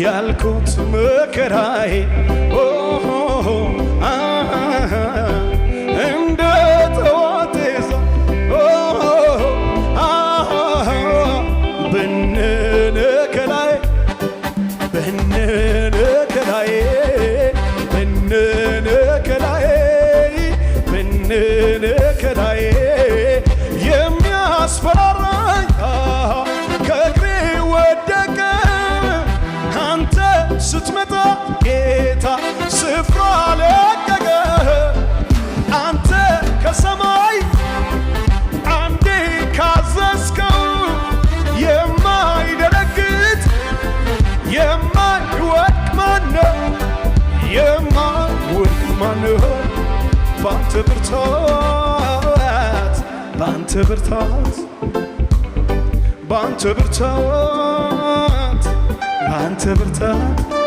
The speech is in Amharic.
ያልኩት መከራዬ እንደ ጠዋት ብንንከላዬ ብንንከላዬ ብንንከላዬ ብንንከላዬ ስትመጣ ጌታ ስፍራ ለቀቀ። አንተ ከሰማይ አንዴ ካዘዝከው የማይደረግጥ የማይወድቅ ማነው? የማይወድቅ ማነው? ባንተ ብርታት ባንተ ብርታት ባንተ ብርታት ያንተ ብርታ